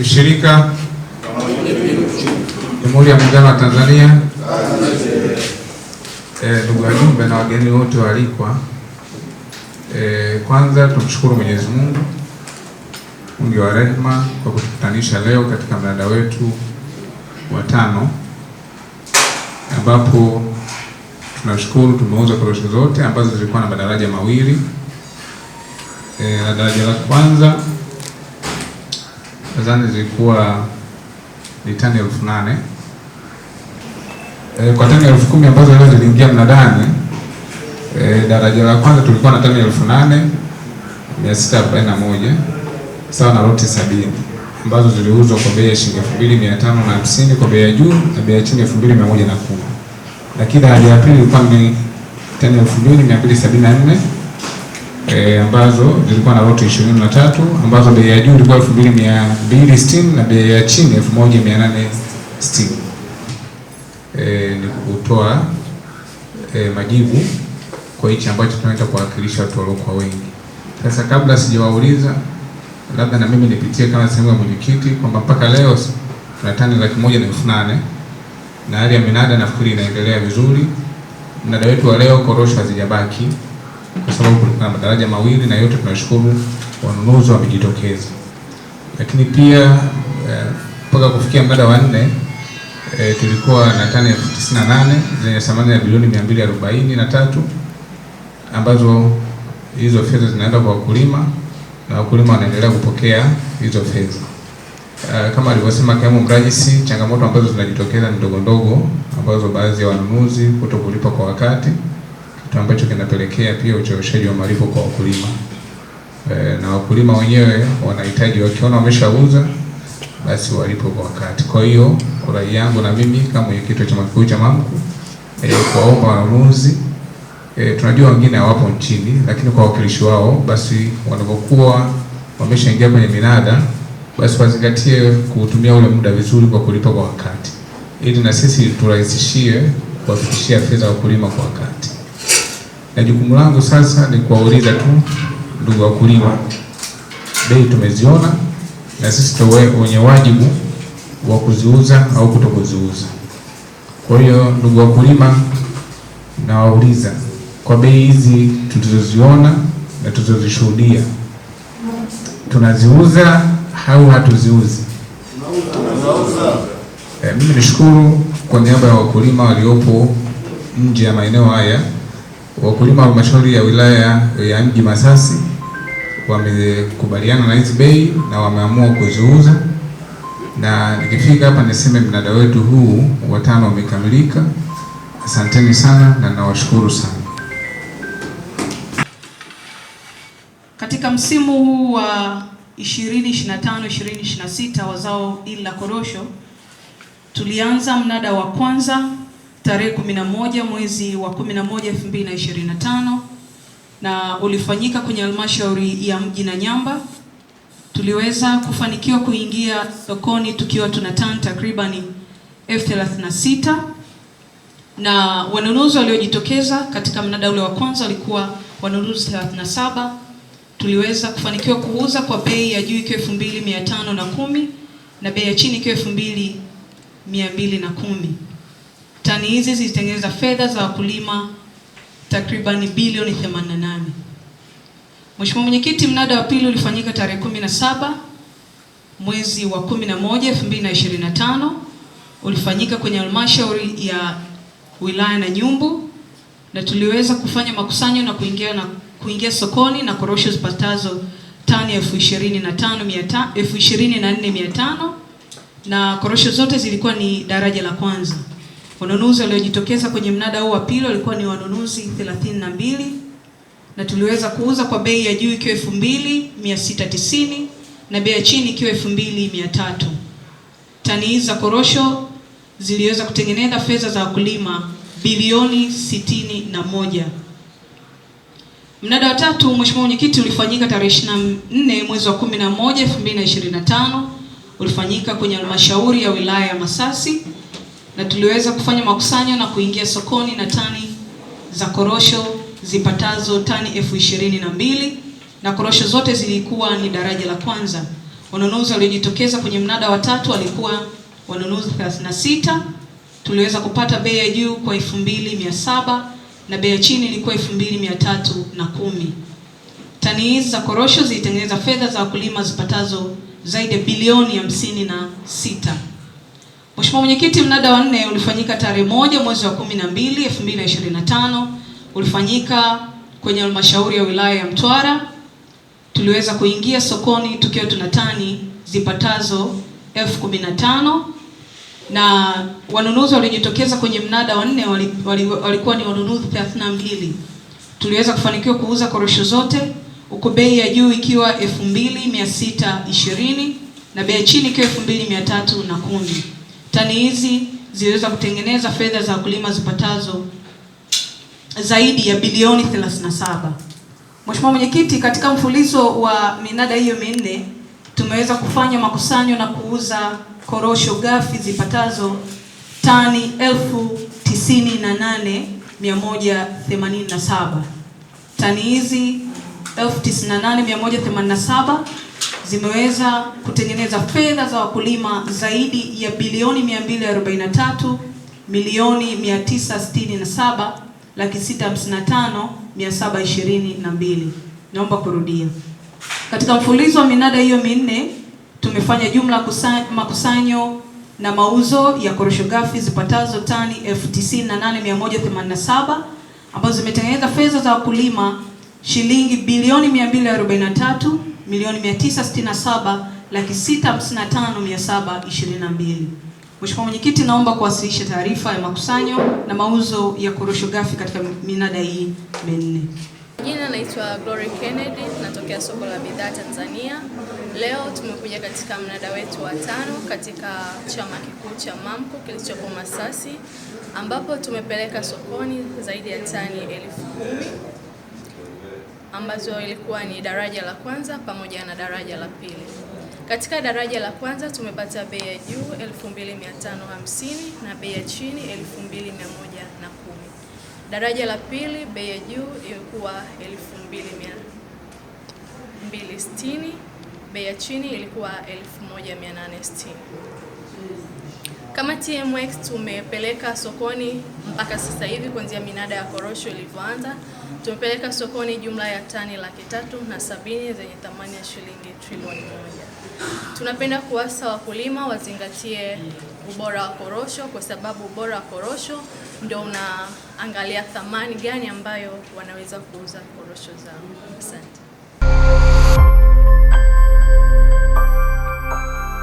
ushirika Jamhuri ya Muungano wa Tanzania. Eh, ndugu e, wajumbe na wageni wote waalikwa, e, kwanza tumshukuru Mwenyezi Mungu mwingi wa rehema kwa kutukutanisha leo katika mnada wetu wa tano, ambapo tunashukuru tumeuza korosho zote ambazo zilikuwa na madaraja mawili e, eh, na daraja la kwanza nadhani zilikuwa ni tani elfu nane e, kwa tani elfu kumi ambazo leo ziliingia mnadani e, daraja la kwanza tulikuwa na tani elfu nane mia sita arobaini na moja sawa na loti sabini ambazo ziliuzwa kwa bei ya shilingi elfu mbili mia tano na hamsini kwa bei ya juu na bei ya chini elfu mbili mia moja na kumi lakini daraja la pili ilikuwa ni tani elfu mbili mia mbili sabini na nne e, ambazo zilikuwa na loti 23 ambazo bei ya juu ilikuwa 2260 na bei ya chini 1860. E, eh, ni kutoa e, majibu kwa hichi ambacho tunaenda kuwakilisha watu waliokuwa wengi. Sasa kabla sijawauliza, labda na mimi nipitie kama sehemu ya mwenyekiti kwamba mpaka leo tuna tani laki moja na elfu nane na hali ya minada nafikiri inaendelea vizuri. Mnada wetu wa leo korosho hazijabaki kwa sababu kuna madaraja mawili na yote tunashukuru wanunuzi wamejitokeza, lakini pia eh, mpaka eh, kufikia mnada wa nne eh, tulikuwa na tani elfu tisini na nane zenye thamani ya bilioni mia mbili arobaini na tatu ambazo hizo fedha zinaenda kwa wakulima na wakulima wanaendelea kupokea hizo fedha. Uh, kama alivyosema kaimu mrajisi, changamoto ambazo zinajitokeza ni ndogo ndogo ambazo baadhi ya wanunuzi kuto kulipa kwa wakati kitu ambacho kinapelekea pia ucheleweshaji wa malipo kwa wakulima e, na wakulima wenyewe wanahitaji wakiona wameshauza basi walipo kwa wakati. Kwa hiyo rai yangu na mimi kama mwenyekiti wa chama kikuu cha MAMCU e, kuwaomba wanunuzi e, tunajua wengine hawapo nchini, lakini kwa wakilishi wao basi wanapokuwa wameshaingia kwenye minada basi wazingatie kuutumia ule muda vizuri kwa kulipa kwa wakati, ili na sisi turahisishie kuwafikishia fedha wakulima kwa wakati na jukumu langu sasa ni kuwauliza tu ndugu wakulima, bei tumeziona na sisi ndio wenye wajibu wa kuziuza au kutokuziuza. Kwa hiyo ndugu wakulima, nawauliza kwa bei hizi tulizoziona na tulizozishuhudia, tunaziuza au hatuziuzi? E, mimi nishukuru kwa niaba ya wakulima waliopo nje ya maeneo haya Wakulima wa halmashauri ya wilaya ya mji Masasi wamekubaliana na hizi bei na wameamua kuziuza, na nikifika hapa niseme mnada wetu huu watano wamekamilika. Asanteni sana na nawashukuru sana. Katika msimu huu wa 2025 2026 wa zao hili la korosho tulianza mnada wa kwanza tarehe 11 mwezi wa 11 2025, na ulifanyika kwenye halmashauri ya mji Nanyamba. Tuliweza kufanikiwa kuingia sokoni tukiwa tuna tani takriban elfu 36 na wanunuzi waliojitokeza katika mnada ule wa kwanza walikuwa wanunuzi 37. Tuliweza kufanikiwa kuuza kwa bei ya juu ikiwa 2510 na bei ya chini ikiwa 2210. Tani hizi zilitengeneza fedha za wakulima takriban bilioni 88. Mheshimiwa Mwenyekiti, mnada wa pili ulifanyika tarehe 17 mwezi wa 11 2025, ulifanyika kwenye halmashauri ya wilaya na Nyumbu na tuliweza kufanya makusanyo na kuingia na kuingia sokoni na korosho zipatazo tani elfu ishirini na tano mia tano elfu ishirini na nne mia tano na korosho zote zilikuwa ni daraja la kwanza. Wanunuzi waliojitokeza kwenye mnada huu wa pili walikuwa ni wanunuzi 32 na tuliweza kuuza kwa bei ya juu ikiwa 2690 na bei ya chini ikiwa 2300. Tani hizi za korosho ziliweza kutengeneza fedha za wakulima bilioni 61. Mnada wa tatu, Mheshimiwa Mwenyekiti, ulifanyika tarehe 24 mwezi wa 11 2025, ulifanyika kwenye halmashauri ya wilaya ya Masasi na tuliweza kufanya makusanyo na kuingia sokoni na tani za korosho zipatazo tani elfu ishirini na mbili na korosho zote zilikuwa ni daraja la kwanza. Wanunuzi waliojitokeza kwenye mnada wa tatu walikuwa wanunuzi sita. Tuliweza kupata bei ya juu kwa saba na bei ya chini ilikuwa na kumi. Tani hizi za korosho zilitengeneza fedha za wakulima zipatazo zaidi ya bilioni hamsini na sita. Mheshimiwa Mwenyekiti, mnada wa nne ulifanyika tarehe moja mwezi wa 12 2025, ulifanyika kwenye halmashauri ya wilaya ya Mtwara. Tuliweza kuingia sokoni tukiwa tuna tani zipatazo elfu kumi na tano na wanunuzi waliojitokeza kwenye mnada wa nne walikuwa ni wanunuzi 32. Tuliweza kufanikiwa kuuza korosho zote huku bei ya juu ikiwa 2620 na bei ya chini ikiwa 2310. Tani hizi ziliweza kutengeneza fedha za wakulima zipatazo zaidi ya bilioni 37. Mheshimiwa Mwenyekiti, katika mfulizo wa minada hiyo minne tumeweza kufanya makusanyo na kuuza korosho ghafi zipatazo tani elfu tisini na nane mia moja themanini na saba. Tani hizi elfu tisini na nane mia moja themanini na saba zimeweza kutengeneza fedha za wakulima zaidi ya bilioni 243 milioni 967 laki 655 722. Naomba kurudia. Katika mfululizo wa minada hiyo minne tumefanya jumla kusanyo, makusanyo na mauzo ya korosho ghafi zipatazo tani 98187 ambazo zimetengeneza fedha za wakulima shilingi bilioni 243 milioni 967 laki 655,722. Mheshimiwa Mwenyekiti, naomba kuwasilisha taarifa ya makusanyo na mauzo ya korosho ghafi katika minada hii minne. Jina naitwa Glory Kennedy, natokea soko la bidhaa Tanzania. Leo tumekuja katika mnada wetu wa tano katika chama kikuu cha MAMCO kilichopo Masasi, ambapo tumepeleka sokoni zaidi ya tani elfu kumi ambazo ilikuwa ni daraja la kwanza pamoja na daraja la pili. Katika daraja la kwanza tumepata bei ya juu 2550 na bei ya chini 2110. Daraja la pili bei ya juu ilikuwa 2260, bei ya chini ilikuwa 1860. Kama TMX tumepeleka sokoni mpaka sasa hivi kuanzia minada ya korosho ilivyoanza tumepeleka sokoni jumla ya tani laki tatu na sabini zenye thamani ya shilingi trilioni moja. Tunapenda kuwasa wakulima wazingatie ubora wa korosho kwa sababu ubora wa korosho ndio unaangalia thamani gani ambayo wanaweza kuuza korosho zao. Asante.